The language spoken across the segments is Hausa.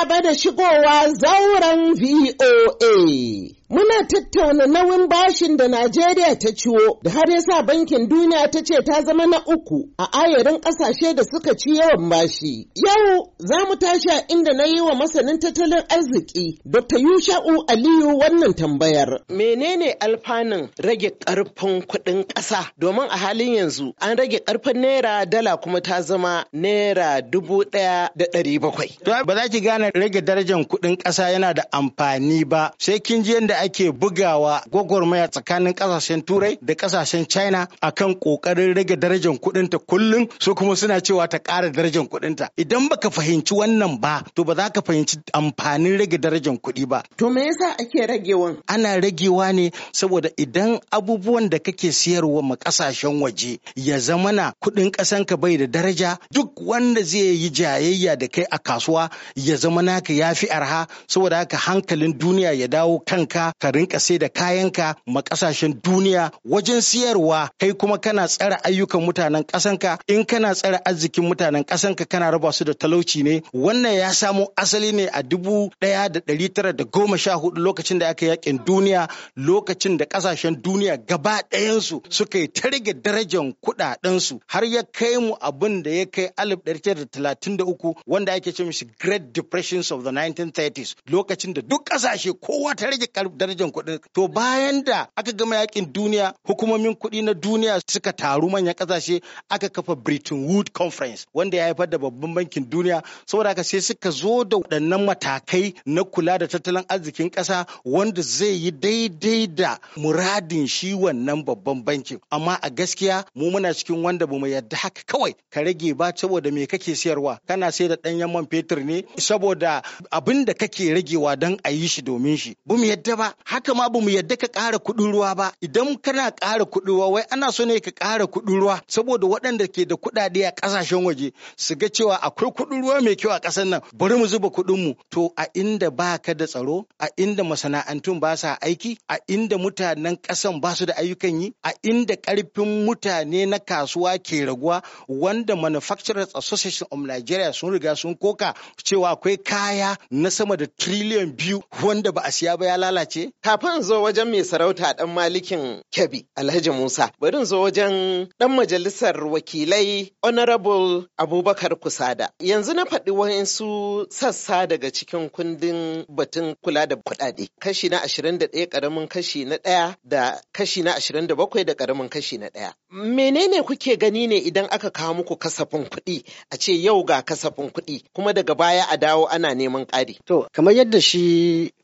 gaba da shigowa zauren VOA. Muna tattauna nauyin bashin da Najeriya ta ciwo da har yasa bankin duniya ta ce ta zama na uku a ayarin ƙasashe da suka ci yawan bashi. Yau za mu tashi a inda na yi wa masanin tattalin arziki Dr. Yusha'u Aliyu wannan tambayar. Menene alfanun rage ƙarfin kuɗin ƙasa domin a halin yanzu an rage ƙarfin naira dala kuma ta zama naira dubu ɗaya da ɗari bakwai. Ba za ki gane rage darajar kuɗin ƙasa yana da amfani ba sai kin ji yadda ake bugawa gwagwarmaya tsakanin kasashen turai da kasashen china akan kokarin rage darajar kudinta kullum su kuma suna cewa ta kara darajar kudinta idan baka fahimci wannan ba to ba za ka fahimci amfanin rage darajar kuɗi ba to me yasa ake ragewan ana ragewa ne saboda idan abubuwan da kake siyarwa ma kasashen waje ya zamana kudin ka bai da daraja duk wanda zai yi jayayya da kai a kasuwa ya zama naka ya fi arha saboda haka hankalin duniya ya dawo kanka ka rinka sai da kayanka ma kasashen duniya wajen siyarwa kai kuma kana tsara ayyukan mutanen ƙasanka. in kana tsara arzikin mutanen kasanka kana raba su da talauci ne wannan ya samo asali ne a dubu ɗaya da ɗari tara da goma sha hudu lokacin da aka yakin duniya lokacin da kasashen duniya gaba ɗayansu suka yi ta rage darajar kuɗaɗensu har ya kai mu abin da ya kai alif ɗari tara da talatin da uku wanda ake ce mishi Great Depressions of the 1930s lokacin da duk ƙasashe kowa ta rage darajar kuɗin to bayan da aka gama yakin duniya hukumomin kuɗi na duniya suka taru manyan ƙasashe aka kafa britain wood Conference wanda ya haifar da babban bankin duniya saboda haka sai suka zo da waɗannan matakai na kula da tattalin arzikin ƙasa wanda zai yi daidai da muradin shi wannan babban bankin amma a gaskiya mu muna cikin wanda bamu yarda haka kawai ka rage ba saboda me kake siyarwa kana sai da ɗanyen man fetur ne saboda abin da kake ragewa don a yi shi domin shi bamu yarda ba haka ma bamu yadda ka ƙara kuɗin ruwa ba idan kana ƙara kuɗin ruwa wai ana so ne ka ƙara kuɗin ruwa saboda waɗanda ke da kuɗaɗe a ƙasashen waje su ga cewa akwai kuɗin ruwa mai kyau a ƙasar nan bari mu zuba kuɗin mu to a inda ba ka da tsaro a inda masana'antun ba sa aiki a inda mutanen ƙasan ba su da ayyukan yi a inda ƙarfin mutane na kasuwa ke raguwa wanda manufacturers association of Nigeria sun riga sun koka cewa akwai kaya na sama da triliyan biyu wanda ba a siya ba ya lalace ce kafin zo wajen mai sarauta dan malikin Kebbi Alhaji Musa bari zo wajen dan majalisar wakilai Honorable Abubakar Kusada yanzu na faɗi wa'insu sassa daga cikin kundin batun kula da kuɗaɗe kashi na 21 karamin kashi na ɗaya da kashi na 27 da karamin kashi na ɗaya menene kuke gani ne idan aka kawo muku kasafin kuɗi a ce yau ga kasafin kuɗi kuma daga baya a dawo ana neman ƙari to kamar yadda shi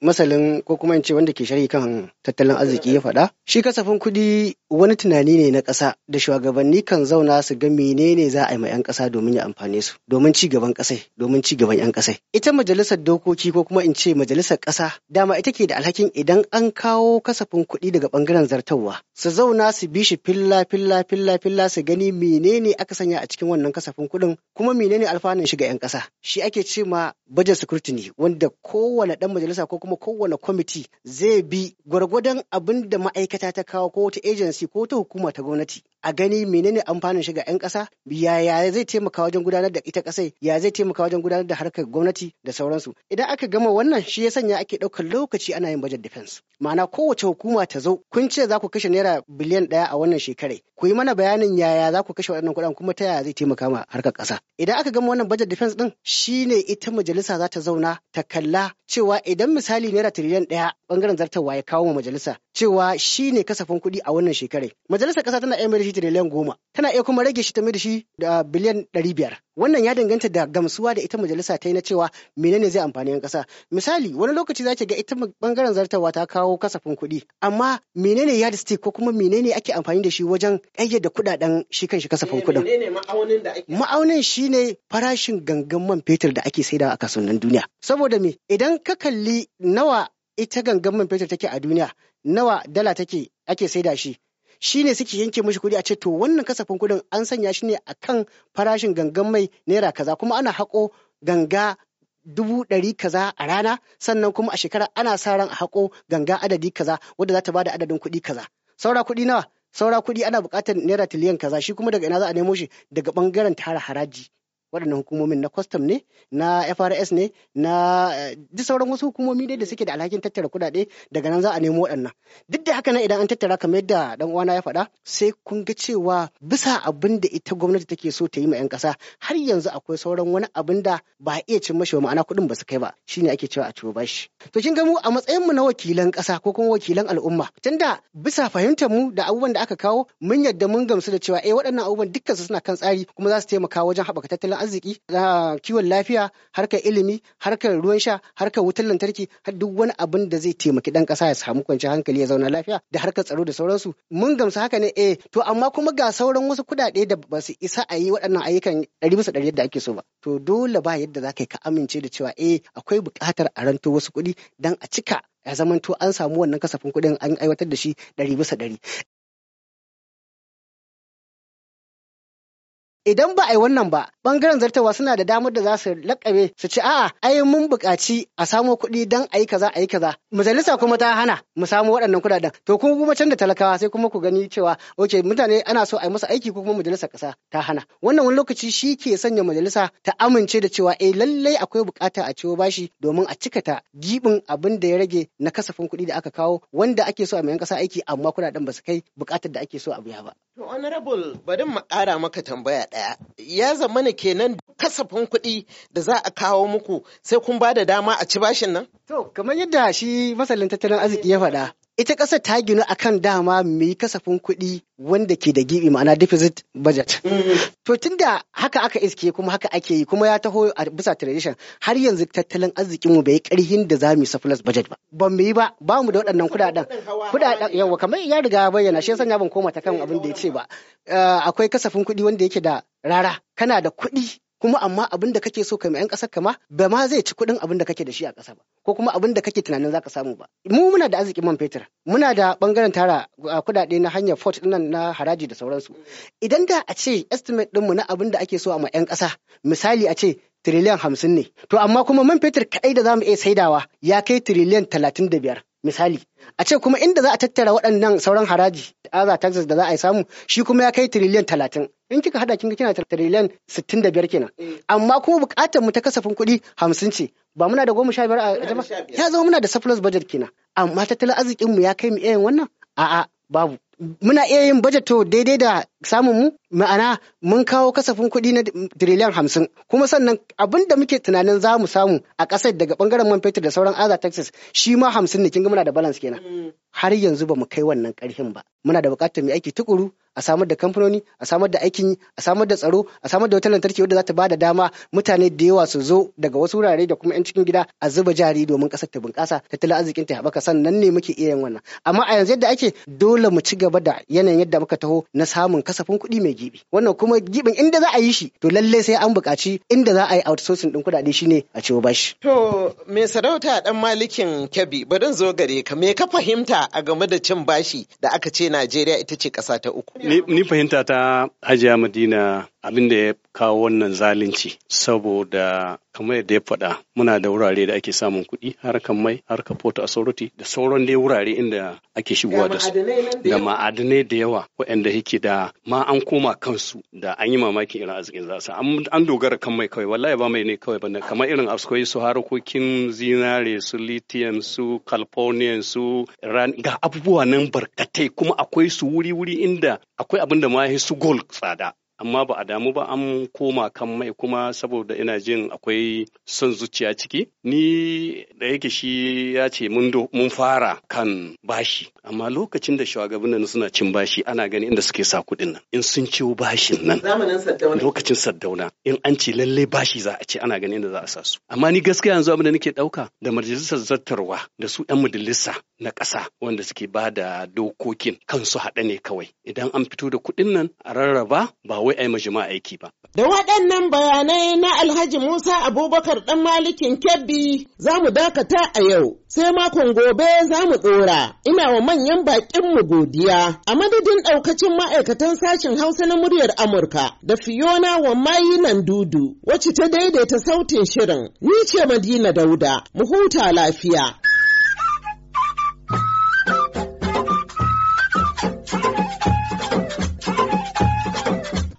masalin ko kuma in ce wanda ke sharhi kan tattalin arziki ya faɗa shi kasafin kuɗi wani tunani ne na ƙasa da shugabanni kan zauna su ga menene za a yi ma 'yan ƙasa domin ya amfane su domin ci gaban ƙasai domin ci gaban 'yan ƙasai ita majalisar dokoki ko kuma in ce majalisar ƙasa dama ita ke da alhakin idan an kawo kasafin kuɗi daga ɓangaren zartarwa su zauna su bi shi filla filla filla filla su gani menene aka sanya a cikin wannan kasafin kuɗin kuma menene alfanun shi ga 'yan ƙasa shi ake ce ma budget scrutiny wanda kowane ɗan majalisa ko kuma kowane kwamiti zai bi gwargwadon abinda ma'aikata ta kawo ko wata agency shi ko ta hukuma ta gwamnati a gani menene amfanin shiga 'yan ƙasa yaya zai taimaka wajen gudanar da ita ƙasai ya zai taimaka wajen gudanar da harkar gwamnati da sauransu idan aka gama wannan shi ya sanya ake ɗaukar lokaci ana yin budget defense ma'ana kowace hukuma ta zo kun ce za ku kashe naira biliyan ɗaya a wannan shekarai ku yi mana bayanin yaya za ku kashe waɗannan kuɗin kuma ta yaya zai taimaka ma harkar ƙasa idan aka gama wannan budget defense ɗin ne ita majalisa za ta zauna ta kalla cewa idan misali naira tiriliyan ɗaya bangaren zartarwa ya kawo ma majalisa cewa shine kasafin kuɗi a wannan shekarai majalisar ƙasa tana iya tiriliyan goma tana iya kuma rage shi ta da shi da biliyan ɗari biyar wannan ya danganta da gamsuwa da ita majalisa ta yi na cewa menene zai amfani yan ƙasa misali wani lokaci za ki ga ita bangaren zartawa ta kawo kasafin kuɗi amma menene ya yardstick ko kuma menene ake amfani da shi wajen ƙayyade kuɗaɗen shi kan shi kasafin kuɗin eh, ma'aunin shi ne farashin gangan man fetur da ake saidawa a kasuwannin duniya saboda me idan ka kalli nawa ita gangan man fetur take a duniya nawa dala take ake saida shi shi ne suke yanke mishi kuɗi a ce to wannan kasafin kuɗin an sanya shi ne a kan farashin gangan mai naira kaza kuma ana haƙo ganga dubu ɗari kaza a rana sannan kuma a shekara ana sa ran a haƙo ganga adadi kaza wadda za ta bada adadin kuɗi kaza saura kuɗi nawa saura kuɗi ana buƙatar naira tiliyan kaza shi kuma daga ina za a nemo shi daga ɓangaren tara haraji waɗannan hukumomin na custom ne na FRS ne na eh, duk sauran wasu hukumomi dai da suke da alhakin tattara kuɗaɗe daga nan za a nemo waɗannan duk da haka nan idan an tattara kamar yadda dan uwana ya faɗa sai kun ga cewa bisa abin da ita gwamnati take so ta yi ma 'yan ƙasa har yanzu akwai sauran wani abin da ba a iya cin mashi ma'ana kuɗin ba su kai ba shine ake cewa a ciwo bashi to kin ga mu a matsayin mu na wakilan ƙasa ko kuma wakilan al'umma tunda bisa fahimtar mu da abubuwan da aka kawo mun yadda mun gamsu da cewa eh waɗannan abubuwan dukkan su suna kan tsari kuma za su taimaka wajen haɓaka tattalin arziki kiwon lafiya harkar ilimi harkar ruwan sha harkar wutar lantarki har duk wani abin da zai taimaki dan kasa ya samu kwanciyar hankali ya zauna lafiya da harkar tsaro da sauransu mun gamsu haka ne eh to amma kuma ga sauran wasu kuɗaɗe da ba su isa a yi waɗannan ayyukan ɗari bisa ɗari yadda ake so ba to dole ba yadda za ka yi ka amince da cewa eh akwai buƙatar a ranto wasu kuɗi dan a cika ya zamanto an samu wannan kasafin kuɗin an aiwatar da shi ɗari bisa ɗari idan ba a yi wannan ba bangaren zartawa suna da damar da za su lakabe su ci a'a ai mun buƙaci a samo kuɗi don a yi kaza a yi kaza majalisa kuma ta hana mu samu waɗannan kuɗaɗen to kuma kuma can da talakawa sai kuma ku gani cewa ok mutane ana so a yi masa aiki ko kuma majalisa ƙasa ta hana wannan wani lokaci shi ke sanya majalisa ta amince da cewa eh lallai akwai buƙata a ciwo bashi domin a cika ta gibin abin da ya rage na kasafin kuɗi da aka kawo wanda ake so a mayan ƙasa aiki amma kuɗaɗen ba su kai buƙatar da ake so a biya ba. To honorable bari mu ƙara maka tambaya ɗaya. Ya zamana kenan kasafin kuɗi da za a kawo muku sai kun ba da dama a ci bashin nan? To kamar yadda shi masalin tattalin arziki ya faɗa ita ƙasar ta ginu akan dama mai kasafin kuɗi wanda ke da gibi ma'ana deficit budget. To tunda haka aka iske kuma haka ake yi kuma ya taho a bisa tradition har yanzu tattalin arzikin mu bai ƙarhin da za mu yi surplus budget ba. Ban mu yi ba ba mu da waɗannan kuɗaɗen. Kuɗaɗen yawa kamar ya riga bayyana shi sanya ban koma ta kan abin da ya ce ba. Eh, akwai kasafin kuɗi wanda yake da rara kana da kuɗi kuma amma abin da kake so ka mai yan kasa kama ba ma zai ci kuɗin abin da kake da shi a ƙasa ba ko kuma abin da kake tunanin zaka samu ba mu muna da arzikin man fetur muna da bangaren tara a kuɗaɗe na hanyar fort nan na haraji da sauransu idan da a ce estimate mu na abin da ake so a ma yan ƙasa misali a ce tiriliyan hamsin ne to amma kuma man fetur kaɗai da zamu iya saidawa ya kai tiriliyan talatin da biyar misali a ce kuma inda za a tattara waɗannan sauran haraji aza taxes da za a yi samu shi kuma ya kai tiriliyan talatin in kika hada kinga kina tiriliyan sittin da biyar kenan amma kuma bukatar mu ta kasafin kuɗi hamsin ce ba muna da goma sha biyar a jama'a ya zama muna da surplus budget kenan amma tattalin arzikin mu ya kai mu irin wannan a'a babu muna iya yin bajeto daidai da samun mu ma'ana mun kawo kasafin kuɗi na tiriliyan hamsin kuma sannan abin da muke tunanin za mu samu a ƙasar daga ɓangaren man fetur da sauran aza texas shi ma hamsin ne kin ga muna da balance kenan mm. har yanzu ba mu kai wannan ƙarfin ba muna da buƙatar mu aiki tukuru a samar da kamfanoni a samar da aikin yi a samar da tsaro a samar da wata lantarki wadda za ta bada dama mutane da yawa su zo daga wasu wurare da kuma 'yan cikin gida a zuba jari domin ƙasar ta bunƙasa tattalin arzikin ta haɓaka sannan ne muke iya yin wannan amma a yanzu yadda ake dole mu ci gaba da yanayin yadda muka taho na samun kasafin kuɗi mai gibi wannan kuma gibin inda za a yi shi to lallai sai an buƙaci inda za a yi outsourcing ɗin kuɗaɗe ne a ciwo bashi. To me sarauta dan malikin Kebbi barin zo gare ka me ka fahimta a game da cin bashi da aka ce Najeriya ita ce ƙasa ta uku. Ni fahimta ta Hajiya Madina abin da ya kawo wannan zalunci saboda kamar yadda ya faɗa muna da wurare da ake samun kuɗi harkar mai harkar port authority da sauran dai wurare inda ake shigowa da su da ma'adanai da yawa waɗanda yake da ma an koma kansu da an yi mamakin irin arzikin za su an dogara kan mai kawai wallahi ba mai ne kawai ba kamar irin askoyi su harkokin zinare su lithium su californian su iran ga abubuwa nan barkatai kuma akwai su wuri-wuri inda akwai abin da ma su gold tsada amma ba a damu ba an koma kan mai kuma saboda ina jin akwai son zuciya ciki ni da yake shi ya ce mun fara kan bashi amma lokacin da nan suna cin bashi ana gani inda suke sa kuɗin nan in sun ciwo bashin nan lokacin saddauna in an ci lalle bashi za a ci ana gani inda za a sa su amma ni gaskiya yanzu abin da nake ɗauka da majalisar zartarwa da su 'yan majalisa na ƙasa wanda suke ba da dokokin kansu haɗe ne kawai idan an fito da kuɗin nan a rarraba ba wai ai majima aiki ba. Da waɗannan bayanai na Alhaji Musa Abubakar ɗan malikin Kebbi za mu dakata a yau sai makon gobe za mu tsora. Ina wa manyan mu godiya a madadin ɗaukacin ma'aikatan sashen Hausa na muryar Amurka da Fiona wa mayi nan dudu wacce ta daidaita sautin shirin. Ni ce Madina Dauda, mu huta lafiya.